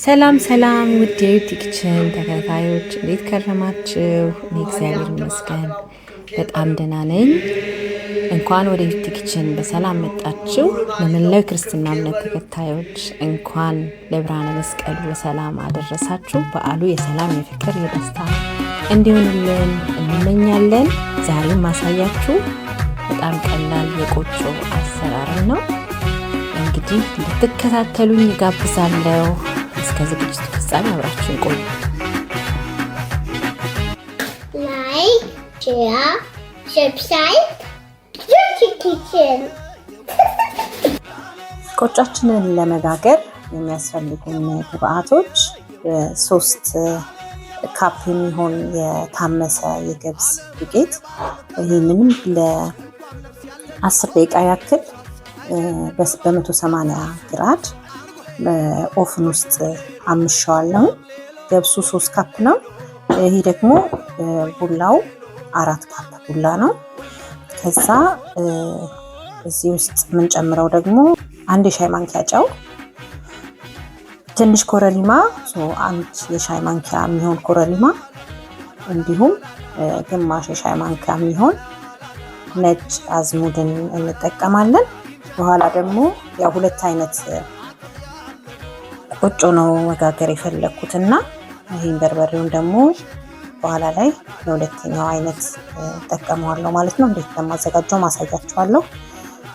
ሰላም ሰላም ውድ የዩቲ ኪችን ተከታታዮች እንዴት ከረማችሁ? እኔ እግዚአብሔር ይመስገን በጣም ደህና ነኝ። እንኳን ወደ ዩቲ በሰላም መጣችሁ። ለመላው ክርስትና እምነት ተከታዮች እንኳን ለብርሃነ መስቀሉ በሰላም አደረሳችሁ። በዓሉ የሰላም የፍቅር፣ የደስታ እንዲሆንልን እንመኛለን። ዛሬም ማሳያችሁ በጣም ቀላል የቆጮ አሰራር ነው። እንግዲህ ልትከታተሉኝ ጋብዛለሁ። እስከ ዝግጅቱ ፍጻሜ አብራችሁን ቆዩ። ቆጫችንን ለመጋገር የሚያስፈልጉን ግብአቶች ሶስት ካፕ የሚሆን የታመሰ የገብስ ዱቄት፣ ይህንንም ለአስር ደቂቃ ያክል በ180 ግራድ በኦፍን ውስጥ አምሸዋለሁ። ገብሱ ሶስት ካፕ ነው። ይሄ ደግሞ ቡላው አራት ካፕ ቡላ ነው። ከዛ እዚህ ውስጥ የምንጨምረው ደግሞ አንድ የሻይ ማንኪያ ጨው፣ ትንሽ ኮረሊማ አንድ የሻይ ማንኪያ የሚሆን ኮረሊማ እንዲሁም ግማሽ የሻይ ማንኪያ የሚሆን ነጭ አዝሙድን እንጠቀማለን። በኋላ ደግሞ ያው ሁለት አይነት ቆጮ ነው መጋገር የፈለግኩት እና ይህን በርበሬውን ደግሞ በኋላ ላይ ለሁለተኛው አይነት ጠቀመዋለሁ ማለት ነው። እንዴት እንደማዘጋጀው ማሳያችኋለሁ።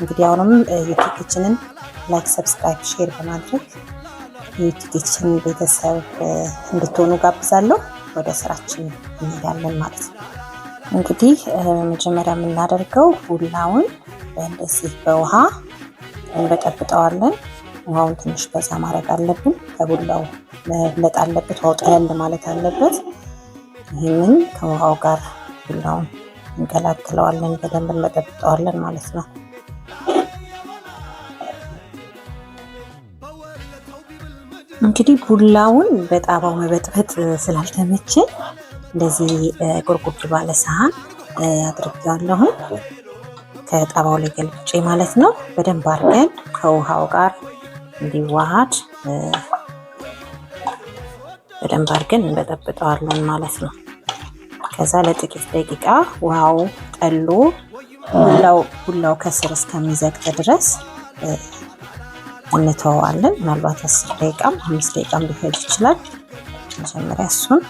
እንግዲህ አሁንም ዩቲ ኪችንን ላይክ፣ ሰብስክራይብ፣ ሼር በማድረግ ዩቲ ኪችን ቤተሰብ እንድትሆኑ ጋብዛለሁ። ወደ ስራችን እንሄዳለን ማለት ነው። እንግዲህ መጀመሪያ የምናደርገው ቡላውን በእንደዚህ በውሃ እንበጠብጠዋለን። ውሃውን ትንሽ በዛ ማድረግ አለብን። ከቡላው መለጥ አለበት። ውሃው ጠለል ማለት አለበት። ይህንን ከውሃው ጋር ቡላውን እንቀላቅለዋለን፣ በደንብ እንመጠብጠዋለን ማለት ነው። እንግዲህ ቡላውን በጣባው መበጥበጥ ስላልተመቸ እንደዚህ ጎርጎድ ባለ ሰሃን አድርጌዋለሁኝ ከጣባው ላይ ገልብጬ ማለት ነው። በደንብ አድርገን ከውሃው ጋር እንዲዋሃድ በደንብ አድርገን እንበጠብጠዋለን ማለት ነው። ከዛ ለጥቂት ደቂቃ ውሃው ጠሎ ቡላው ከስር እስከሚዘግጥ ድረስ እንተዋዋለን። ምናልባት አስር ደቂቃም አምስት ደቂቃም ሊሄድ ይችላል። መጀመሪያ እሱን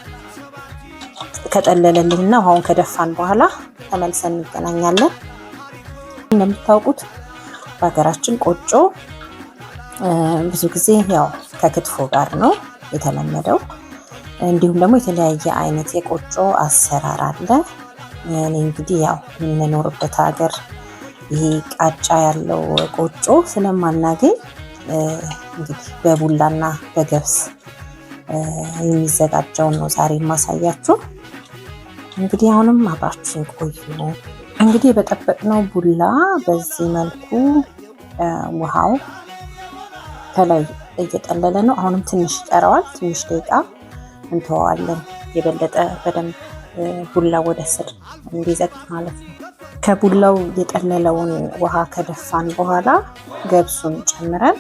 ከጠለለልንና ውሃውን ከደፋን በኋላ ተመልሰን እንገናኛለን። እንደምታውቁት በሀገራችን ቆጮ ብዙ ጊዜ ያው ከክትፎ ጋር ነው የተለመደው። እንዲሁም ደግሞ የተለያየ አይነት የቆጮ አሰራር አለ። እኔ እንግዲህ ያው የምንኖርበት ሀገር ይሄ ቃጫ ያለው ቆጮ ስለማናገኝ እንግዲህ በቡላና በገብስ የሚዘጋጀውን ነው ዛሬ የማሳያችሁ። እንግዲህ አሁንም አብራችሁ ቆዩ። እንግዲህ የበጠበቅነው ቡላ በዚህ መልኩ ውሃው ከላይ እየጠለለ ነው። አሁንም ትንሽ ይቀረዋል። ትንሽ ደቂቃ እንተዋዋለን የበለጠ በደንብ ቡላው ወደ ስር እንዲዘቅ ማለት ነው። ከቡላው የጠለለውን ውሃ ከደፋን በኋላ ገብሱን ጨምረን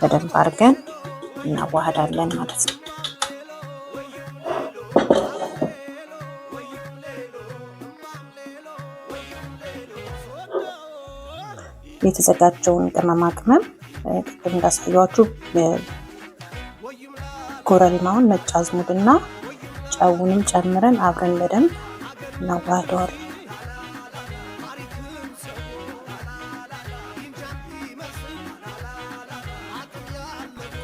በደንብ አድርገን እናዋህዳለን ማለት ነው። የተዘጋጀውን ቅመማ ቅመም ቅድም እንዳሳየዋችሁ ኮረሪማውን ነጭ እና ጨውንም ጨምረን አብረን በደንብ እናዋህደዋል።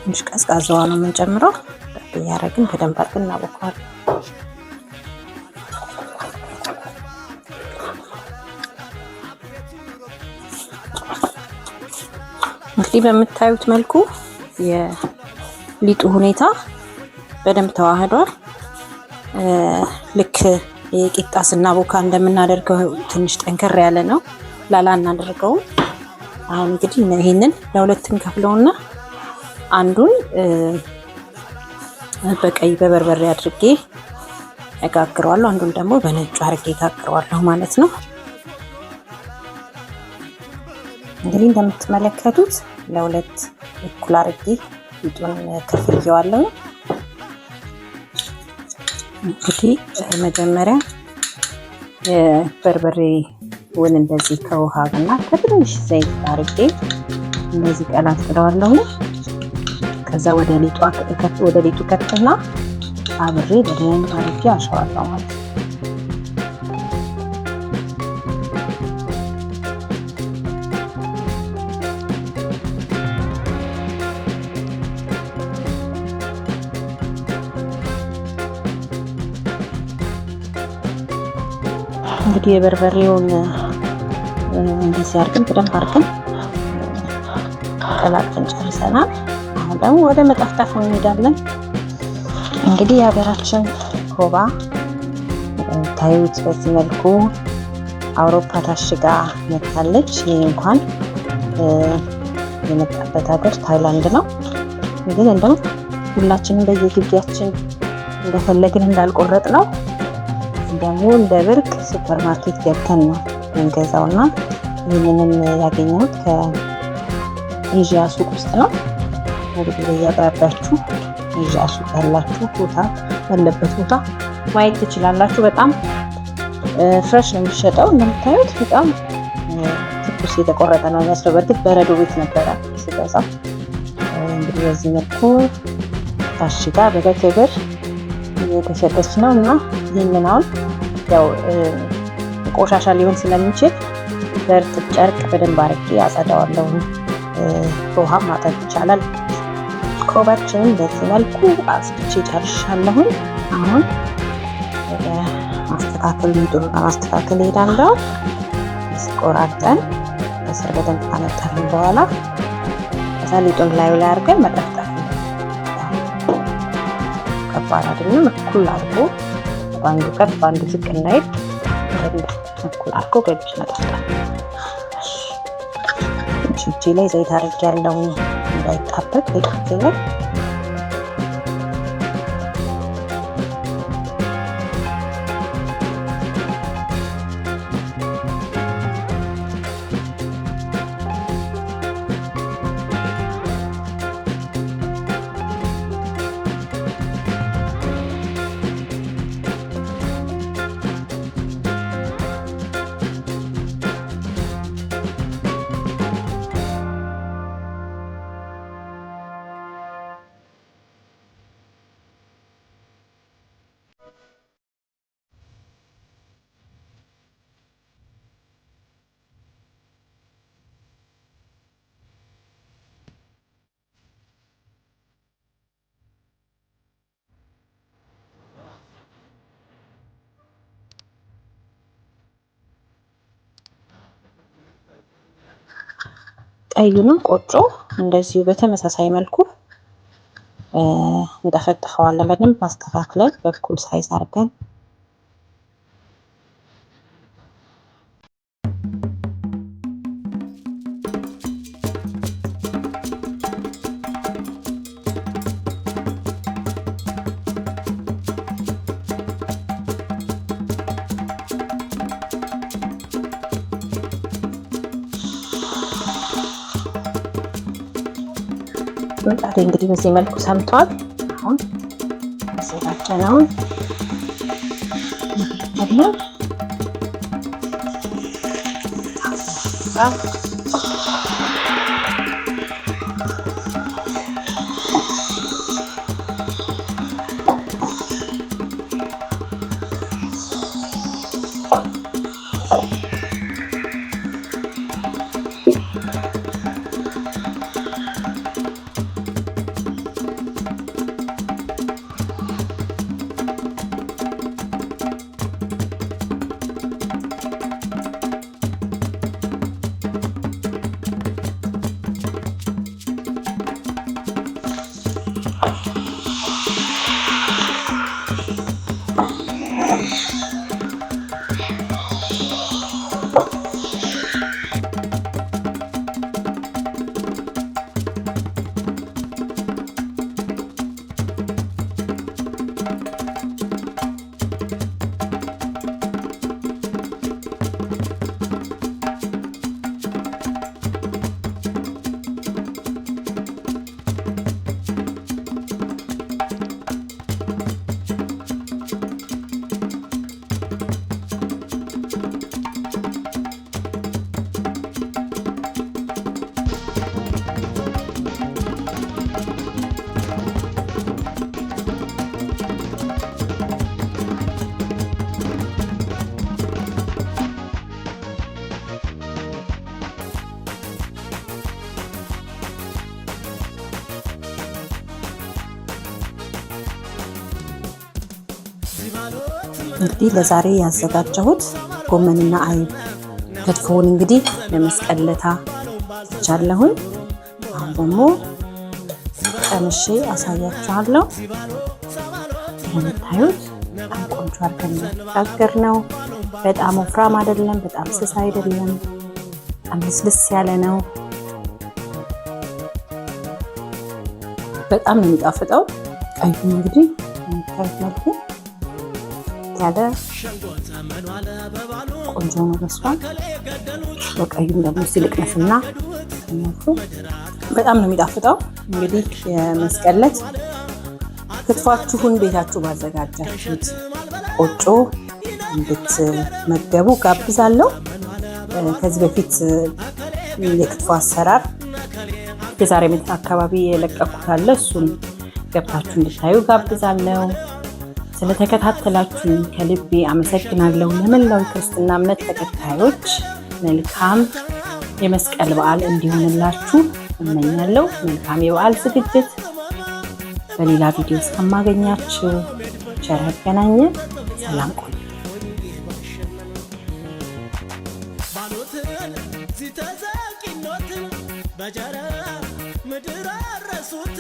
ትንሽ ቀዝቃዛዋ ነው የምንጨምረው። እያደረግን በደንብ አድርገን እናቦከዋለን። እንግዲህ በምታዩት መልኩ የሊጡ ሁኔታ በደንብ ተዋህዷል። ልክ የቂጣ ስናቦካ እንደምናደርገው ትንሽ ጠንከር ያለ ነው። ላላ እናደርገውም። አሁን እንግዲህ ይህንን ለሁለት እንከፍለውና አንዱን በቀይ በበርበሬ አድርጌ እጋግረዋለሁ። አንዱን ደግሞ በነጩ አድርጌ እጋግረዋለሁ ማለት ነው። እንግዲህ እንደምትመለከቱት ለሁለት እኩል አድርጌ ሊጡን ከፍየዋለሁ። እንግዲህ መጀመሪያ ውን እንደዚህ ከውሃ ከውሃና ከትንሽ ዘይት አድርጌ እንደዚህ ቀላት ቀላቅለዋለሁ። ከዛ ወደ ሊጡ ከትና አብሬ በደንብ አድርጌ አሸዋለሁ ማለት ነው። እንግዲህ የበርበሬውን እንደዚህ አድርገን በደንብ አድርገን ቀላቅለን ጨርሰናል። አሁን ደግሞ ወደ መጠፍጠፍ እንሄዳለን። እንግዲህ የሀገራችን ኮባ ታዩት በዚህ መልኩ አውሮፓ ታሽጋ መታለች። ይህ እንኳን የመጣበት ሀገር ታይላንድ ነው። ግን እንደው ሁላችንም በየግቢያችን እንደፈለግን እንዳልቆረጥ ነው ደግሞ ለብርቅ ሱፐር ማርኬት ገብተን ነው የምንገዛው እና ይህንንም ያገኘሁት ከኤዥያ ሱቅ ውስጥ ነው። እንግዲህ እያቅራቢያችሁ ኤዥያ ሱቅ ያላችሁ ቦታ ያለበት ቦታ ማየት ትችላላችሁ። በጣም ፍረሽ ነው የሚሸጠው እንደምታዩት በጣም ትኩስ የተቆረጠ ነው የሚመስለው። በእርግጥ በረዶ ቤት ነበረ ስገዛ። እንግዲህ በዚህ መልኩ ታሽጋ በገትብር እየተሸጠች ነው እና ይህንን አሁን ያው ቆሻሻ ሊሆን ስለሚችል በእርጥብ ጨርቅ በደንብ አድርጌ አጸዳዋለሁ። በውሃ ማጠብ ይቻላል። ቆባችንን በዚህ መልኩ አጽድቼ ጨርሻለሁኝ። አሁን ማስተካከል ሊጡን ለማስተካከል ሄዳለሁ። ቆራርጠን ከስር በደንብ ካነጠፍን በኋላ ከዛ ሊጡን ላዩ ላይ አድርገን መጠፍ አይደለም እኩል አድርጎ በአንዱ ከፍ በአንዱ ዝቅ እናይት እኩል አድርጎ በእጅ መጠጣል። እጅ ላይ ዘይት አድርጌ ያለው እንዳይጣበቅ ዘይት ላይ ቀዩንም ቆጮ እንደዚሁ በተመሳሳይ መልኩ እንጠፈጥፈዋለን። በደንብ ማስተካክለን በኩል ሳይዝ አድርገን ምጣዴ እንግዲህ በዚህ መልኩ ሰምቷል። አሁን አዘጋጀነውን አለ እንግዲህ ለዛሬ ያዘጋጀሁት ጎመንና አይብ ክትፎውን እንግዲህ ለመስቀለታ ለታ ቻለሁኝ። አሁን ደግሞ ቀምሼ አሳያችኋለሁ። የምታዩት በጣም ቆንጆ አድርገን ጋገር ነው። በጣም ወፍራም አይደለም፣ በጣም ስስ አይደለም፣ በጣም ልስልስ ያለ ነው። በጣም ነው የሚጣፍጠው። ቀዩ እንግዲህ የምታዩት መልኩ ያለ ቆንጆ ነው። በስሏል። በቀዩም ደግሞ ሲልቅነፍና በጣም ነው የሚጣፍጠው። እንግዲህ የመስቀል ዕለት ክትፏችሁን ቤታችሁ ባዘጋጃችሁት ቆጮ እንድትመገቡ ጋብዛለሁ። ከዚህ በፊት የክትፎ አሰራር የዛሬ ምት አካባቢ የለቀኩት አለ። እሱን ገብታችሁ እንድታዩ ጋብዛለሁ። ስለተከታተላችሁ ከልቤ አመሰግናለሁ። ለመላው ክርስትና እምነት ተከታዮች መልካም የመስቀል በዓል እንዲሆንላችሁ እመኛለሁ። መልካም የበዓል ዝግጅት። በሌላ ቪዲዮ እስከማገኛችሁ ቸር ያገናኘ። ሰላም ቆዩ።